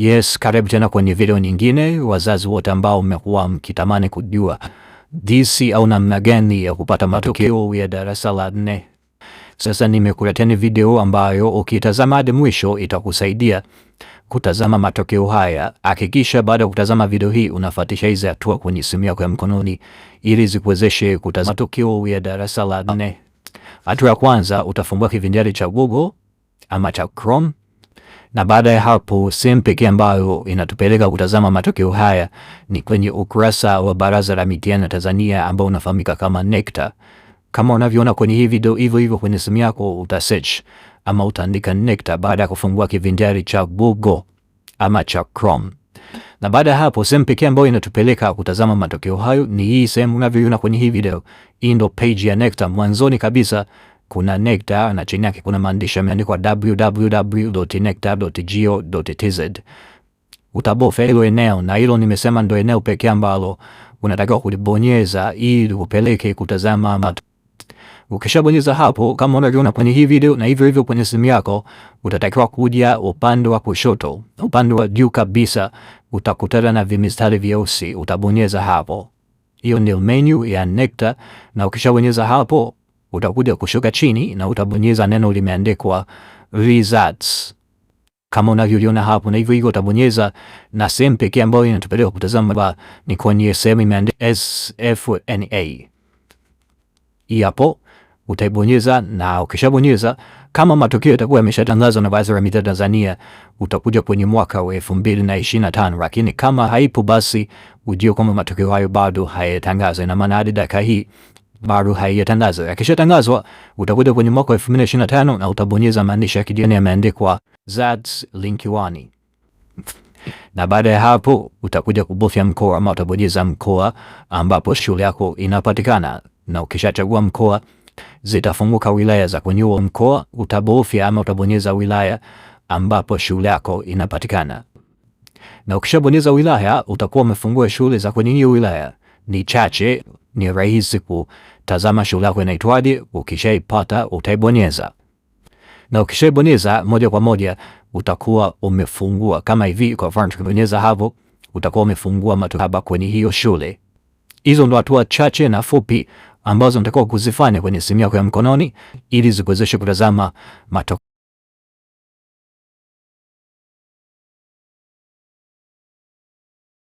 Yes, karibu tena kwenye video nyingine. Wazazi wote ambao mmekuwa mkitamani kujua jinsi au namna gani ya kupata matokeo ya darasa la nne, sasa nimekuleteni video ambayo ukitazama hadi mwisho itakusaidia kutazama matokeo haya. Hakikisha baada ya kutazama video hii unafuatisha hizi hatua kwenye simu yako ya mkononi ili zikuwezeshe kutazama matokeo ya darasa la nne. Hatua ya kwanza, utafungua kivinjari cha Google ama cha Chrome na baada ya hapo sehemu pekee ambayo inatupeleka kutazama matokeo haya ni kwenye ukurasa wa Baraza la Mitihani ya Tanzania ambao unafahamika kama NECTA. Kama unavyoona kwenye hii video, hivyo hivyo kwenye simu yako uta search ama utaandika NECTA baada ya kufungua kivinjari cha Google ama cha Chrome. Na baada ya hapo sehemu pekee ambayo inatupeleka kutazama matokeo hayo ni hii sehemu unavyoiona kwenye hii video. Hii ndo page ya NECTA mwanzoni kabisa kuna NECTA na chini yake kuna maandishi yameandikwa www.necta.go.tz. Utabofya hilo eneo, na hilo nimesema ndo eneo pekee ambalo unatakiwa kulibonyeza ili upeleke kutazama matu. Ukishabonyeza hapo, kama unavyoona kwenye hii video, na hivyo hivyo kwenye simu yako, utatakiwa kuja upande wa kushoto, upande wa juu kabisa, utakutana na vimistari vyeusi, utabonyeza hapo. Hiyo ndio menu ya NECTA, na ukishabonyeza hapo utakuja kushuka chini na utabonyeza neno limeandikwa results kama unavyoiona hapo, na hivyo hivyo utabonyeza na sehemu pekee ambayo inatupeleka kutazama ni kwenye sehemu imeandikwa SFNA. Hii hapo utaibonyeza, na ukishabonyeza, kama matokeo yatakuwa yameshatangazwa na Wizara ya Mita Tanzania, utakuja kwenye mwaka wa 2025, lakini kama haipo, basi ujue kwamba matokeo hayo bado hayatangazwa. Ina maana hadi dakika hii Maru hai ya tangazo. haiyatangaza akishatangazwa, utakuja kwenye mwaka 2025 na utabonyeza maandishi ya kijani yameandikwa ZADS Linkiwani, na baada ya hapo utakuja kubofya mkoa ama utabonyeza mkoa ambapo shule yako inapatikana, na ukishachagua mkoa zitafunguka wilaya za kwenye huo mkoa. Utabofya ama utabonyeza wilaya ambapo shule yako inapatikana, na ukishabonyeza wilaya utakuwa umefungua shule za kwenye hiyo wilaya. Ni chache ni rahisi kutazama shughuli yako inaitwaje. Ukishaipata utaibonyeza, na ukishaibonyeza moja kwa moja utakuwa umefungua kama hivi. Kwa mfano tukibonyeza hapo, utakuwa umefungua maktaba kwenye hiyo shule. Hizo ndo hatua chache na fupi ambazo natakiwa kuzifanya kwenye simu yako ya mkononi ili zikuwezeshe kutazama matokeo.